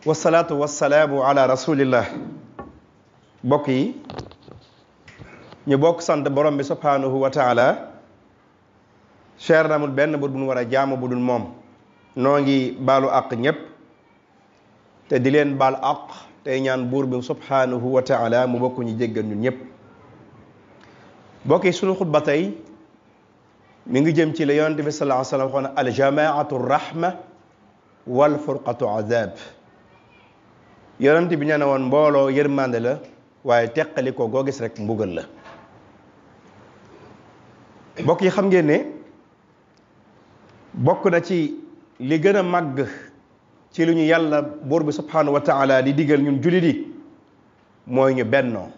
والصلاة والسلام على رسول الله بوكي نبوك سند برام سبحانه وتعالى شعرنا من بن بود من ورا جامو بود المام نوعي بالو أق نب تدلين بال أق تينيان بور بن سبحانه وتعالى مبوك نيجي جن نب بوكي سنو خد بتي من جم تليان تبي صلى الله عليه وسلم الجماعة الرحمة والفرقة عذاب yonent bi ñu ne woon mbooloo yërmande la waaye teqalikoo ko goo gis rek mbugal la mbokk yi xam ngeen ne bokk na ci li gën a màgg ci lu ñu yàlla buur bi subhanahu wa di digal ñun jullit yi mooy ñu bennoo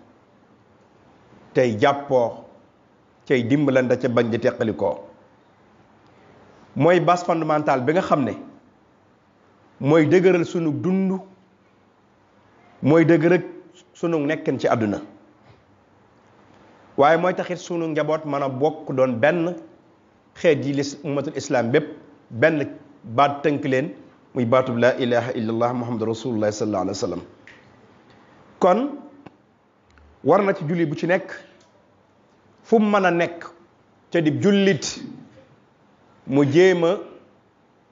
tey jàppoo cay dimbalante ca bañ di teqalikoo mooy base fondamentale bi nga xam ne mooy dëgëral sunu dund moy deug rek sunu nekkin ci aduna waye moy taxit sunu njabot mana bok bokk doon benn xeet yi ummatul islam bépp ben baat teunk len muy baatub la ilaha illallah muhammadur rasulullah sallallahu alaihi wasallam kon warna ci julli bu ci nek fu mu nek a nekk ca di jullit mu jema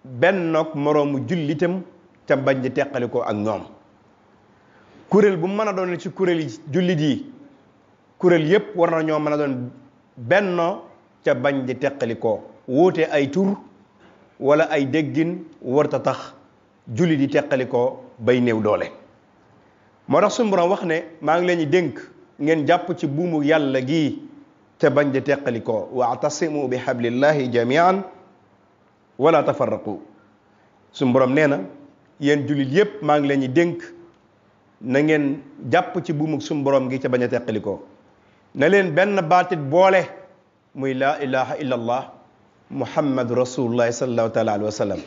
ben nok morom moroomu jullitam te bañ di tekkaliko ak ñom kuréel bu mën a doon ci kuréel yi jullit yi kuréel yépp war na ñoo mën a doon bennoo ca bañ di teqalikoo wuute ay tur wala ay déggin warta tax jullit yi teqalikoo bay néew doole moo tax suñu wax ne maa ngi lañuy di dénk ngeen jàpp ci buumu yàlla gi ca bañ di teqalikoo waatasimu bi hablillahi jamian wala tafarraqu suñu borom nee na yéen jullit yépp maa ngi leen di dénk na ngeen jàpp ci buumug suñu borom gi ca bañ a teqalikoo na leen benn baatit boole muy la ilaha illa allah muhammad rasulullahi sallallahu taala alihi wa sallam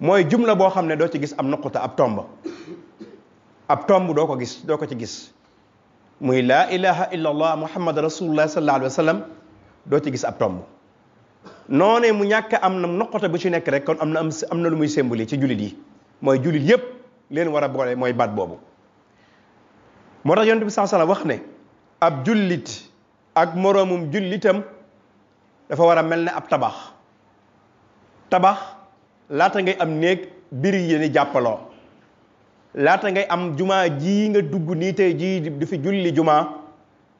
mooy jumla boo xam ne doo ci gis am nuquta ab tomb ab tomb doo ko gis doo ko ci gis muy laa ilaha illa allah muhammad rasulullahi sallallahu alihi wa sallam doo ci gis ab tomb noonee mu ñàkk am na nuquta bu ci nekk rek kon am na am na lu muy sémbali ci jullit yi mooy jullit yépp leen war a boole mooy baat boobu moo tax yonte bi saa sala wax ne ab jullit ak moroomum jullitam dafa war a mel ne ab tabax tabax laata ngay am néeg biri ni jàppaloo laata ngay am juma jii nga dugg nii tey jii di fi julli juma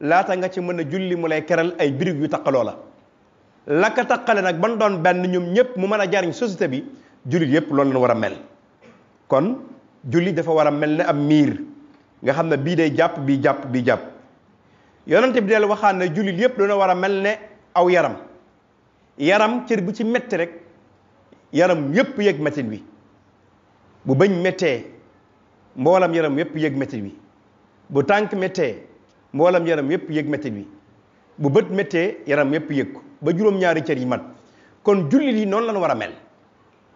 laata nga ci mën a julli mu lay keral ay birig yu taqaloo la la ka taqale nag ban doon benn ñoom ñëpp mu mën a jariñ société bi jullit yépp loolu la war a mel kon julli dafa war a mel ne ab miir nga xam ne bii day jàpp bii jàpp bii jàpp yonente bi del waxaan ne jullit yépp dana war a mel ne aw yaram yaram cër bu ci metti rek yaram yépp yëg mettit wi bu bëñ méttee mboolam yaram yépp yëg mettit wi bu tànk méttee mboolam yaram yépp yëg mettit wi bu bët méttee yaram yépp yëg ko ba juróom-ñaari cër yi mat kon jullit yi noonu lañu war a mel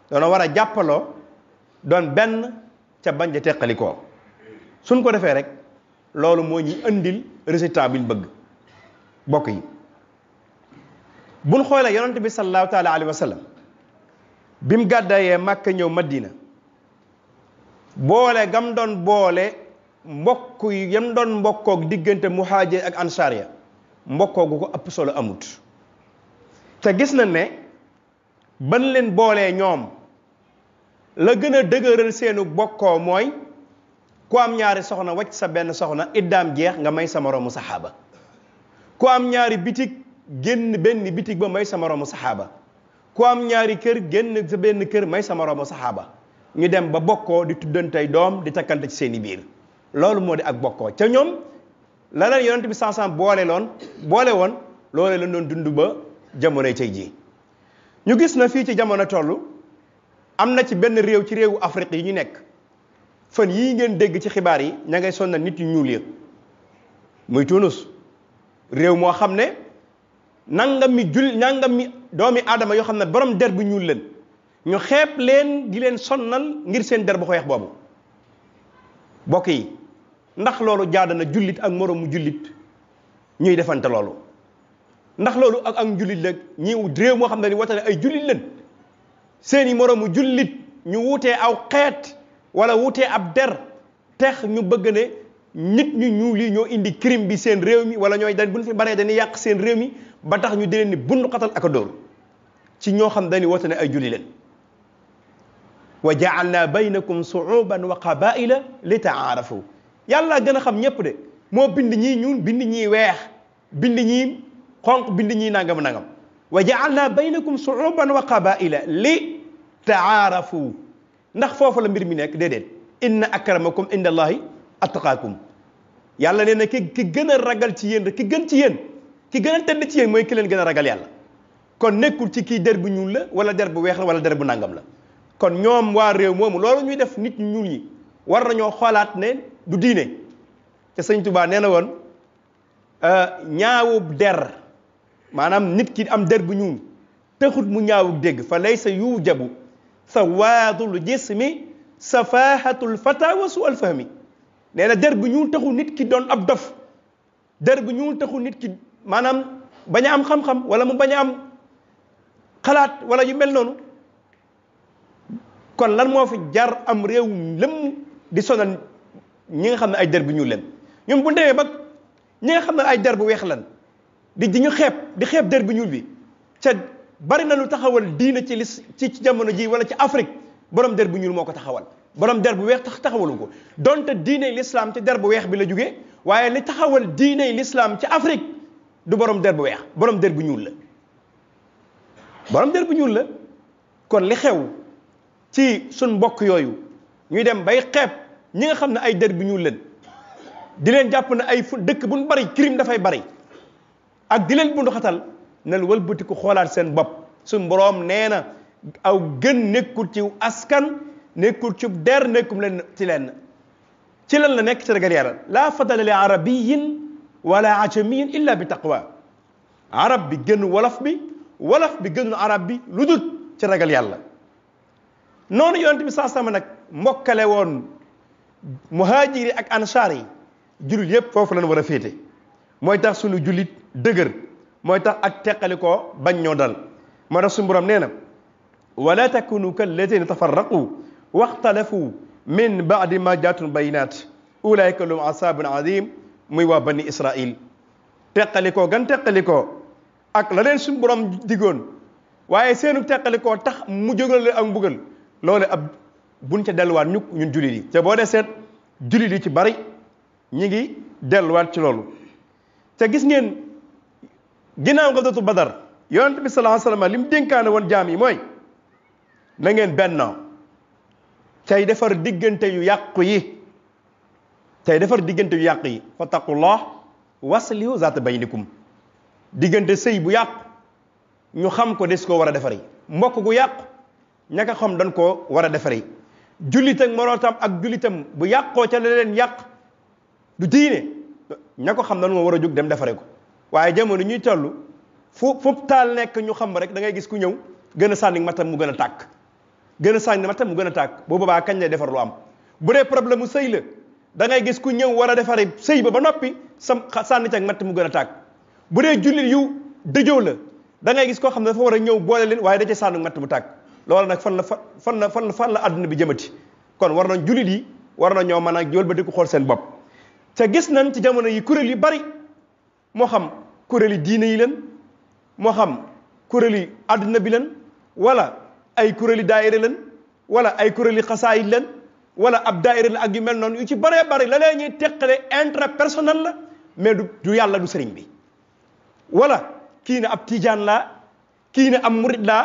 doona war a jàppaloo doon benn ca bañ a teqalikoo suñ ko defee rek loolu mooy ñu indil résultat bi ñu bëgg bokk yi buñ xoolee yonent bi salallahu taala alayhi wa sallam bi mu gàddayee màkka ñëw madina boole gam doon boole mbokk yi yam doon mbokkoog diggante muhaajir ak ansar ya mbokkoogu ko ëpp solo amut te gis na ne ban leen boolee ñoom la gën a dëgëral seenu bokkoo mooy ku am ñaari soxna wacc sa benn soxna iddaam jeex nga may sa moroomu saxaaba ku am ñaari bitig génn benn bitig ba may sa moroomu saxaaba ku am ñaari kër génn sa benn kër may sa moroomu saxaaba ñu dem ba bokkoo di tuddantey doom di takkante ci seeni biir loolu moo di ak bokkoo ca ñoom la leen yonent bi sansam boole loon boole woon loole lañ doon dund ba jamonoy tey jii ñu gis na fii ci jamono toll am na ci benn réew ci réewu Afrique yi ñu nekk fan yii ngeen dégg ci xibaar yi ña ngay sonnal nit yu ñuul ya muy Tunis réew moo xam ne nangam mi jul nangam mi doomi aadama yoo xam ne borom der bu ñuul leen ñu xeeb leen di leen sonnal ngir seen der bu xeex boobu bokk yi ndax loolu jaada na jullit ak moroomu jullit ñuy defante loolu ndax loolu ak ak jullit la ñi réew moo xam ne ni watane ay jullit leen seeni moroomu jullit ñu wutee aw xeet wala wutee ab der tex ñu bëgg ne nit ñu ñuul yi ñoo indi crime bi seen réew mi wala ñooy dañ buñ fi baree dañuy yàq seen réew mi ba ñu di leen ni bund xatal ak a ci ñoo xam dañuy woote ne ay julli leen wa jaalna baynakum suuban wa qabaila li taaarafu yàlla gën a xam ñépp de moo bind ñii ñuul bind ñii weex bind ñii xonq bind ñii nangam nangam wa jaalna baynakum suuban wa qabaila li taaarafu ndax foofu la mbir mi nekk déedéet inna akramakum inda allahi atqaakum yàlla nee na ki ki gën a ragal ci yéen ki gën ci yéen ki gën a tedd ci yéen mooy ki leen gën a ragal yàlla kon nekkul ci kii der bu ñuul la wala der bu weex la wala der bu nàngam la kon ñoom waa réew moomu loolu ñuy def nit ñuul ñi war nañoo xoolaat ne du diine te sëñ nee na woon euh, ñaawub der maanaam nit kii am der bu ñuul taxut mu ñaawub dégg fa laysa yujabu ثواد الجسم سفاهة الفتى وسوء الفهم نانا دير بو نيول تاخو نيت كي دون اب دف دير بو نيول تاخو نيت كي مانام باغا ام خم خم ولا مو باغا ام خلات ولا يو مل نونو كون لان مو في جار ام ريو لم دي سونال نيغا خا اي دير بو نيول لن نيوم بو ديمي با نيغا خا اي دير بو ويخ لن دي جي نيو خيب دي خيب دير بو نيول بي bari na lu taxawal diina ci ci jamono ji wala ci afrique borom der bu ñuul taxawal borom der bu weex tax taxawul ko donte diine l'islam ci der bu weex bi la jugge waye li taxawal diine l'islam ci afrique du borom der bu weex borom der bu la borom der bu ñuul la kon li xew ci sun mbokk yoyu ñuy dem bay xeeb ñi nga xamne ay der bu ñuul leen di leen jàpp na ay dëkk buñ bari crime fay bari ak di leen bundu xatal nel wëlbatiku xoolaat seen bopp sun boroom nee na aw gën nekkul ci askan nekkul ci der nekkum leen ci lenn ci lan la nekk ci ragal yàlla laa fadala li arabiyin wala ajamiyin illa bi taqwa arab bi gën wolof bi wolof bi gënul arab bi lu dul ci ragal yàlla noonu yonent bi saa sama nag mbokkale woon muhaajiri ak ansaar yi jullit yépp foofu lañ war a féete mooy tax sunu julit dëgër mooy tax ak teqali koo bañ ñoo dal moo tax suñu borom nee na wala takunu kalladina tafarraqu waxtalafu min baadi ma jaatun bayinaat ulaika lum asaabun adim muy wa waa bani israil teqalikoo gan teqalikoo ak la leen suñu borom digoon waaye seenu teqalikoo tax mu jógal leen ak mbugal loole ab buñ ca delluwaat ñu ñun jullit yi te boo dee seet jullit yi ci bari ñi ngi delluwaat ci loolu te gis ngeen ginnaaw nga dootu badar yonent bi sallallahu alayhi wa sallam li mu dénkaane woon jaam yi mooy na ngeen bennoo tey defar diggante yu yàqu yi tey defar diggante yu yàqu yi fa taqullah waslihu zaata baynikum diggante sëy bu yàqu ñu xam ko des koo war a defari mbokk gu yàqu ñaka xam dañ koo war a defari jullit ak morootam ak jullitam bu yàqoo ca la leen yàq du diine ña ko xam dañ moo war a jóg dem defaree ko waaye jamono ñuy tollu fu fu taal nekk ñu xam rek da ngay gis ku ñëw gën a sànni matam mu gën a tàkk gën a sànni matam mu gën a tàkk boobu baa kañ lay defar lu am bu dee problème mu sëy la da ngay gis ku ñëw war a defaree sëy ba ba noppi sam sànni ca matt mu gën a tàkk bu dee jullit yu dëjoo la da ngay gis koo xam ne dafa war a ñëw boole leen waaye da cee sànni matt mu tàkk loolu nag fan la fan la fan la fan la àdduna bi jëmati kon war nañ jullit yi war na ñoo mën a wëlbatiku xool seen bopp te gis nañ ci jamono yi kuréel yu bari xam kureli diine yi leen moo xam kuréeli àdduna bi leen wala ay kuréeli daayira leen wala ay kuréeli xasaayit leen wala ab daayira la ak yu mel noonu yu ci bare bare la leen ñuy teqale intérêt la mais du du yàlla du sëriñ bi wala kii ne ab tijaan laa kii ne ab murit laa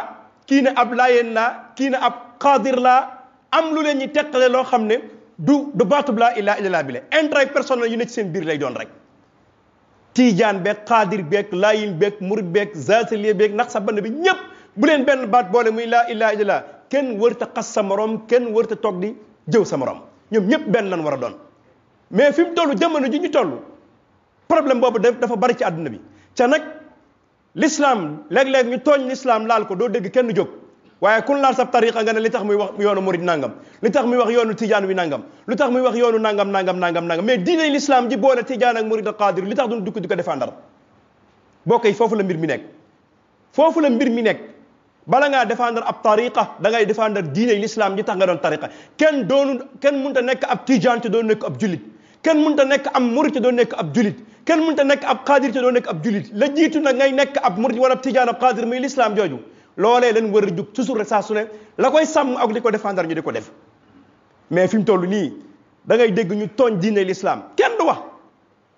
kii ne ab laayeen laa kii ne ab xaadir laa am lu leen ñuy teqale loo xam ne du du baatub laa ilaa ilaa bi la intérêt yu ne ci seen biir lay doon rek tiijaan beeg xaadir beeg laayin beeg murid beeg zaataliya beeg nax sa bann bi ñëpp bu leen benn baat boole muy laa ilaha illallah kenn wërta xas sa morom kenn wërta toog di jëw sa morom ñoom ñëpp benn lan war a doon mais fi mu toll jamono ji ñu toll problème boobu dafa bari ci àdduna bi ca nag l'islam léeg-léeg ñu tooñ l'islam laal ko doo dégg kenn jóg waye kun la sab tariqa nga ne li tax muy wax yoonu murid nangam li tax muy wax yoonu tidiane wi nangam li tax muy wax yoonu nangam nangam nangam nangam mais diine l'islam ji boole tidiane ak murid qadir li tax duñ dukk diko defandar bokay fofu la mbir mi nek fofu la mbir mi nek bala nga defandar ab tariqa da ngay defandar diine l'islam ji tax nga don tariqa ken doonu ken munta nek ab tidiane ci doon nek ab julit ken munta nek am murid ci doon nek ab julit ken munta nek ab qadir ci doon nek ab julit la jitu nak ngay nek ab murid wala tidiane ab qadir muy l'islam joju lolé lañ wër juk toujours sa suné la koy sam ak diko défendre ñu diko def mais fim tollu ni da ngay dégg ñu togn diiné l'islam kenn du wax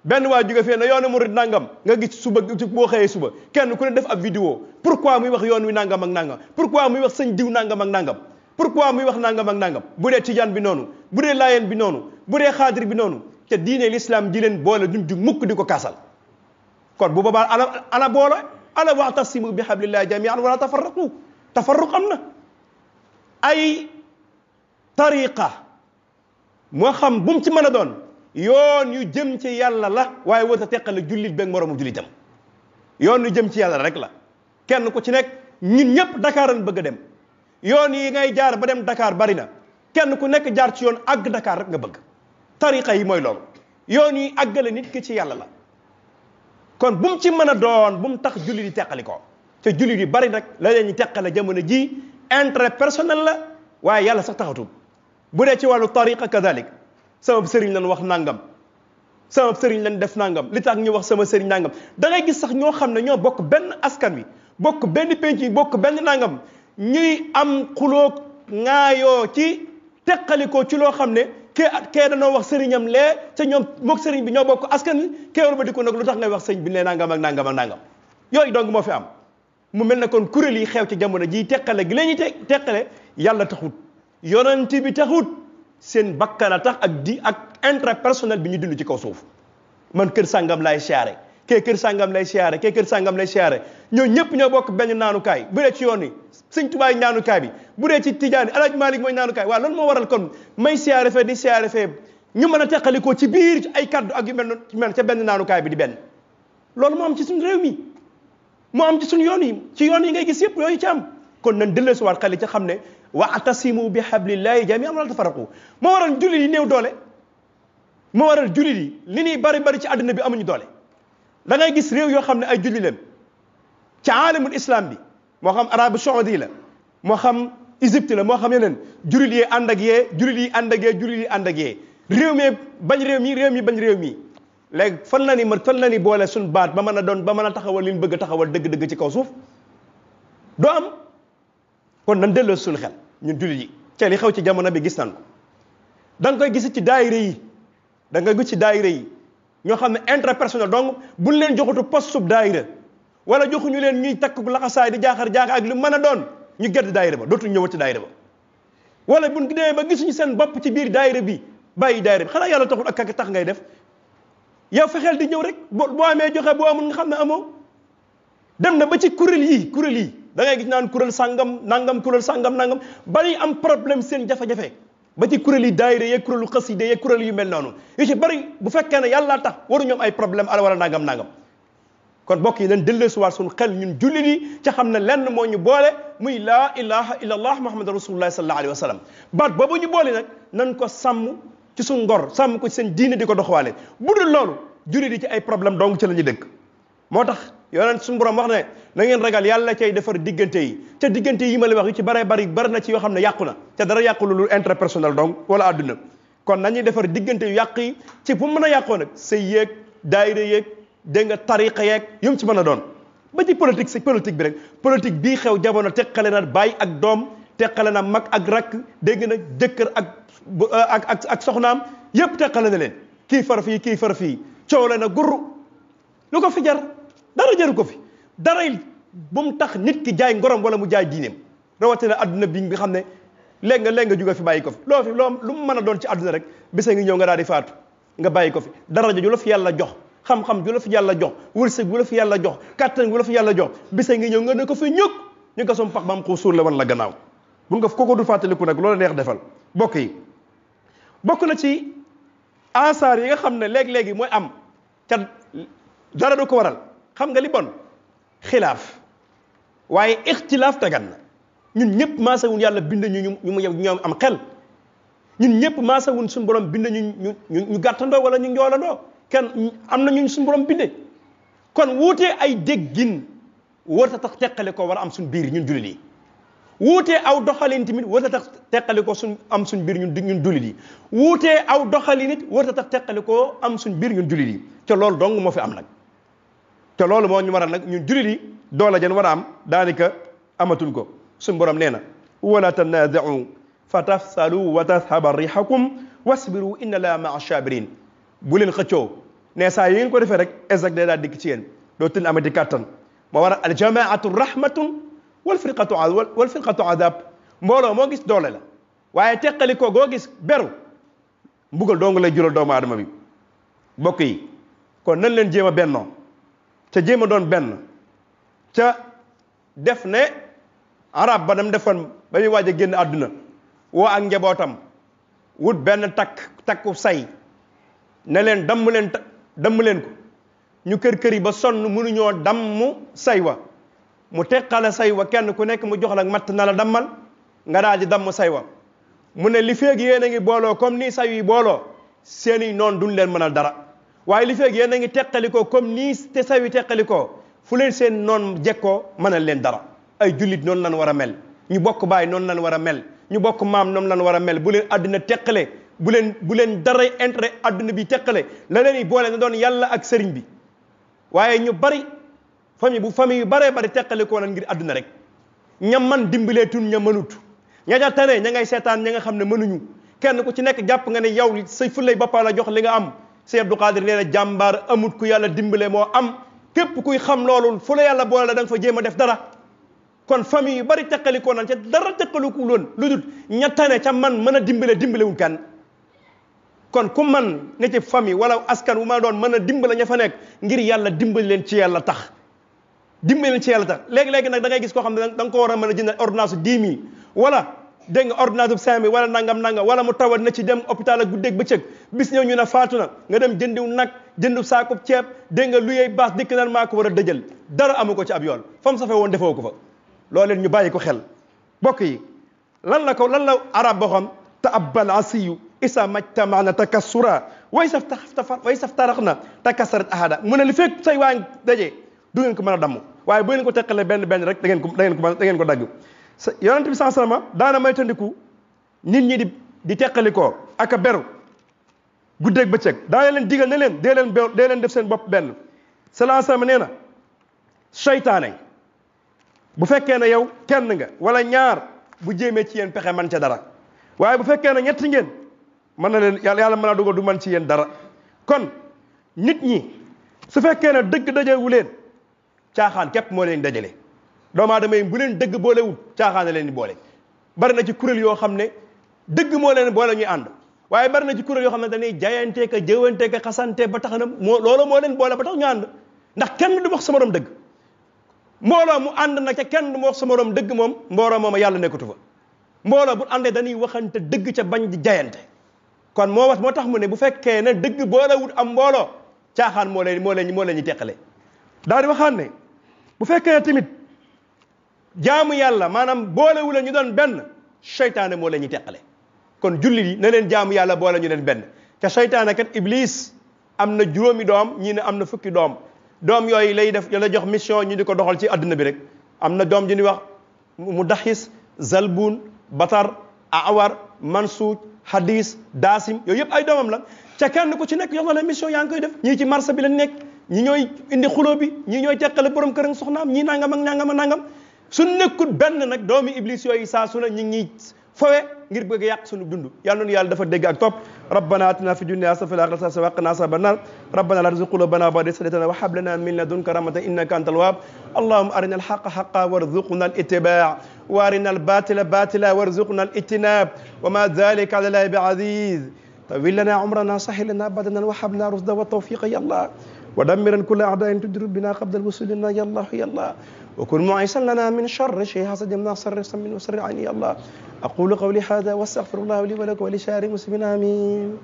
ben wa juga fee na yoonu murid nangam nga gis suba bo xëyee suba kenn ku ne def ab vidéo pourquoi muy wax yoon wi nangam ak nangam pourquoi muy wax señ diiw nangam ak nangam pourquoi muy wax nangam ak nangam bu dee tijaan bi nonu bu dee laayeen bi nonu bu dee bi nonu te diiné l'islam di len bolé duñ juk mukk diko kassal kon bu baba ana ana ala wa'tasimu bi hablillahi jamian wala tafarraqu tafarruq am na ay tariqa moo xam bu ci mën a doon yoon yu jëm ci yàlla la waaye wër ta teqale jullit beeg moromu jullitam yoon yu jëm ci yàlla rek la kenn ku ci nekk ñun ñëpp Dakar lañ bëgg dem yoon yi ngay jaar ba dem dakaar bari na kenn ku nekk jaar ci yoon àgg Dakar rek nga bëgg tariqa yi mooy loolu yoon yi àggale nit ki ci yàlla la kon bu mu ci mën a doon bu mu tax jullit yi teqali ko te jullit yi bari nag la leen ñu teqale jamono ji intérêt personnel la waaye yàlla sax taxatu bu dee ci wàllu tariqa kadalik sama sëriñ lañ wax nangam sama sëriñ lañ def nangam li tax ñu wax sama seriñ nangam da ngay gis sax ñoo xam ne ñoo bokk benn askan wi bokk benn penc yi bokk benn nangam ñuy am xuloo ŋaayoo ci teqalikoo ci loo xam ne kee ke danoo wax sëriñam lee te ñoom mook sëriñ bi ñoo bokk askan wi kee war ba di ko nag lu tax ngay wax sëriñ bi ne nangam ak nangam ak nangam yooyu donc moo fi am mu mel ne kon kuréel yi xew ci jamono jii teqale gi leen ñuy te teqale yàlla taxut yonent bi taxut seen bakkan tax ak di ak intérêt personnel bi ñu dund ci kaw suuf man kër sangam laay siyaare kee kër sàngam lay siyaare kee kër sàngam lay siyaare ñoo ñëpp ñoo bokk benn naanukaay bu dee ci yoon yi sëñ tubaay naanukaay bi bu dee ci tijaani alaaj malik mooy naanukaay waaw lan moo waral kon may siyaare fee di siyaare fee ñu mën a teqalikoo ci biir ci ay kaddu ak yu mel mel ca benn naanukaay bi di benn loolu moo am ci suñu réew mi moo am ci suñu yoon yi ci yoon yi ngay gis yëpp yooyu ci am kon nañ delleesuwaat xel yi ca xam ne waatasimu bi hablillahi jamian wala tafaraqu moo waral jullit yi néew doole moo waral jullit yi li ñuy bari bari ci àdduna bi amuñu doole da ngay gis réew yoo xam ne ay julli leen ci alamul islam bi moo xam arabu saudi la moo xam égypte la moo xam yeneen julit yee ànd ak yee julit yi ànd ak yee julit yi ànd ak yee réew mi bañ réew mi réew mi bañ réew mi léegi fan la ni man fan la ni boole suñ baat ba mën a doon ba mën a taxawal li ñu bëgg taxawal dëgg-dëgg ci kaw suuf doo am kon nan delloo sul xel ñun julit yi ca li xew ci jamono bi gis nan ko da nga koy gis ci daayira yi da nga gis ci daayira yi ñoo xam ne intrapersonnel donc buñ leen joxutu poste sub daayira wala joxuñu leen ñuy takk bu laxasaay di jaaxar jaaxar ak lu mën a doon ñu gedd daayira ba dootuñu ñëwati daayira ba wala buñ demee ba gisuñu seen bopp ci biir daayira bi bàyyi daayira bi xanaa yàlla taxul ak ak tax ngay def yow fexeel di ñëw rek boo amee joxe boo amul nga xam ne amoo dem na ba ci kuréel yi kuréel yi dangay ngay gis naan kuréel sangam nangam kuréel sangam nangam bari am problème seen jafe ba ci kuréel yi daayira yeeg kuréelu xaside yeeg kuréel yu mel nonu yu ci bari bu fekke ne yàlla tax waru ñom ay problème ala wala nangam nangam kon bokki yi delle suwar sun xel ñun jullit yi ca xam ne lenn ñu boole muy la ilaha illallah muhammad rasulullah sallallahu alaihi wasallam sallam ba boobu ñu boole nak nan ko sam ci suñ ngor sam ko ci seen diine diko doxwale budul lolu dul loolu ci ay problème dong ci lañu dëkk motax yonent suñu wax ne na ngeen ragal yàlla cay defar diggante yi te diggante yi ma lay wax yu ci bare bari bari na ci yoo xam ne yàqu na te dara yàqu lu interpersonnel donc wala àdduna kon nañuy defar diggante yu yàq yi ci bu mën a yàqoo nag say yéeg daayira yéeg dégg nga tariqa yeeg yu mu ci man a doon ba ci politique si politique bi rek politique bii xew jamono teqale na baay ak doom teqale na mag ak rakk dégg na jëkkër ak ak ak ak soxnaam yépp teqale na leen kii far fii kii far fii coow na gurru dara jaru ko fi dara bu mu tax nit ki jaay ngorom wala mu jaay diineem rawatina àdduna bi nga xam ne léeg nga léeg nga juga fi bàyyi ko fi loo fi loo lu mu mën a doon ci adduna rek bisa ngi ñëw nga daa di faatu nga bàyyi ko fi daraja ju la fi yàlla jox xam-xam ju la fi yàlla jox wërsëg gu la fi yàlla jox kattan gu la fi yàlla jox bisa ngi ñëw nga ne ko fi ñukk ñu gasoom pax ba am ko suur la wan la gannaaw bu nga koko du fàttaliku nag loolu neex defal bokk yi na ci asaar yi nga xam ne léeg-léegi mooy am ca dara ko waral xam nga li bon khilaf waye ikhtilaf tagan na ñun ñëpp ma sa wun yàlla bind ñu ñu mu ñoom am xel ñun ñëpp ma sa wun sun borom bind ñu ñu ñu gattando wala ñu njoolandoo kenn am na ñun suñu borom binde kon wuté ay déggin wota tax tekkale ko wala am suñ biir ñun jullit wuté aw doxalin timit wota tax tekkale ko suñ am suñ biir ñun ñun jullit wuté aw doxalin nit wota tax tekkale ko am suñ biir ñun jullit yi te loolu dong mo fi am nak te loolu moo ñu waral nag ñun jullit doole jan war a am daanaka amatuñ ko suñu borom nee na wala tanaaza'u fa tafsalu wa tadhaba rihakum wasbiru inna laa maa sabirin bu leen xëccoo ne saa yi ko defee rek exact day daal dikk ci yéen dootu leen amati kàttan moo waral aljamaatu rahmatun wal firqatu wal firqatu adab mbooloo moo gis doole la waaye teqali ko goo gis beru mbugal dong lay jural doomu adama bi mbokk yi kon nan leen jéem a bennoo ca jéem a doon benn ca def ne arab ba dem defoon ba muy waaj a génn àdduna woo ak njabootam wut benn takk takku say ne leen damm leen damm leen ko ñu kër kër yi ba sonn mënuñoo damm say wa mu teqale say wa kenn ku nekk mu jox la matt na la dammal nga daal di damm say wa mu ne li feeg yéen a ngi booloo comme ni say yi booloo seeni noon duñ leen mënal dara waaye lu feeg yéen a ngi teqalikoo comme nii te sawi teqalikoo fu leen seen noon jekkoo mënal leen dara ay jullit noonu lan war a mel ñu bokk baay noonu lan war a mel ñu bokk maam noonu lan war a mel bu leen àdduna teqale bu leen bu leen dara intérêt àdduna bi teqale la leen i boole na doon yàlla ak sëriñ bi waaye ñu bari famille bu fami yu baree bari koo nan ngir àdduna rek ñam man dimbalee tun ña mënut ña ca ña ngay seetaan ña nga xam ne mënuñu kenn ku ci nekk jàpp nga ne yow sa fulay boppaa la jox li nga am Sëñ Abdou Khadir nee na jàmbaar amut ku yàlla dimbalee moo am képp kuy xam loolu fu la yàlla boole la da fa jéem a def dara kon famille yu bari taqalikoo nan ca dara taqaliku loon lu dul ñettane ca man mën a dimbale dimbalewul kan kon ku man ne ci famille wala askan wu doon mën a dimbale ña fa nekk ngir yàlla dimbali leen ci yàlla tax dimbali leen ci yàlla tax léegi-léegi nag da ngay gis koo xam ne da nga ko war a mën a jënd ordonnance su dix mille wala nga ordonnance bu cinq wala nangam nangam wala mu tawat na ci dem hôpital ak guddeeg bëccëg bis ñëw ñu na fatuna nga dem jëndiw nak jëndu saaku ciép de nga lu bass dik dikk mako wara ko dara amuko ci ab yool fam safe woon defoo ko fa loolu leen ñu bayiko xel bokk yi lan la ko lan la arab baxoon ta abbal asiyu isa majtamaana takassura way saf tafar way saf taraxna takassarat ahada mu ne li fek say waa daje du ngeen ko mën dam waye bu ngeen ko tekkale ben ben rek da ngeen ko da ngeen ko da ngeen ko dagg yaronte bi sallallahu sans salama daana may tandiku nit ñi di di tekkaliko ak beru guddeeg bëccëg daana leen digal ne leen dee leen beew dee leen def seen bopp benn salaasama nee na seytaane bu fekkee ne yow kenn nga wala ñaar bu jéemee ci yéen pexe man ca dara waaye bu fekkee ne ñetti ngeen mën na leen yàlla yàlla mën naa dugal du man ci yéen dara kon nit ñi su fekkee ne dëgg dajewu leen caaxaan képp moo leen dajale doomu aadama yi bu leen dëgg boolewul caaxaan leen di boole bari na ci kuréel yoo xam ne dëgg moo leen boole ñuy ànd waaye bari na ci kuréel yoo xam ne dañuy jaayante ka jëwante ka xasante ba tax na moo loolu moo leen boole ba tax ñu ànd ndax kenn du wax sa morom dëgg mbooloo mu ànd nag ca kenn du wax sa morom dëgg moom mbooloo mooma yàlla nekkatu fa mbooloo bu àndee dañuy waxante dëgg ca bañ di jaayante kon moo wax moo tax mu ne bu fekkee ne dëgg boolewut am mbooloo caaxaan moo leen moo leen moo leen ñu teqale daal di waxaan ne bu fekkee tamit jaamu yàlla maanaam boolewula ñu doon benn seytaane moo leen ñu teqale kon jullit yi na leen jaamu yàlla boole ñu leen benn te seytaane kan ibliis am na juróomi doom ñii ne am na fukki doom doom yooyu lay def la jox mission ñu di ko doxal ci àdduna bi rek am na doom ju ñuy wax mu daxis zalbun batar awar mansuuj hadis daasim yooyu yëpp ay la ca kenn ku ci nekk yox na la mission yaa def ñii ci marché bi lañ nekk ñi ñooy indi xuloo bi ñii ñooy teqale borom kër ak soxnaam ñii nangam ak nangam ak nangam su nekkul benn nag doomi iblis yooyu saa su na ñi ngi fowe ngir bëgg yàq sunu dund yàlla noonu yàlla dafa dégg ak topp rabbana atina fi dunya hasanatan wa fil akhirati hasanatan wa qina azaban nar rabbana la tuzigh qulubana ba'da idh hadaytana wa hab lana min ladunka rahmatan innaka antal wahhab اللهم أرنا الحق حقا وارزقنا الاتباع وأرنا الباطل باطلا وارزقنا الاجتناب وما ذلك على الله بعزيز طويل لنا عمرنا سهل لنا بدنا وهب لنا رشدا والتوفيق يا الله ودمرا كل أعداء تدر بنا قبل الوصول لنا يا الله يا الله وكن معيسا لنا من شر شيء حسد يمنع سر من وسر عيني الله أقول قولي هذا واستغفر الله لي ولكم ولسائر المسلمين آمين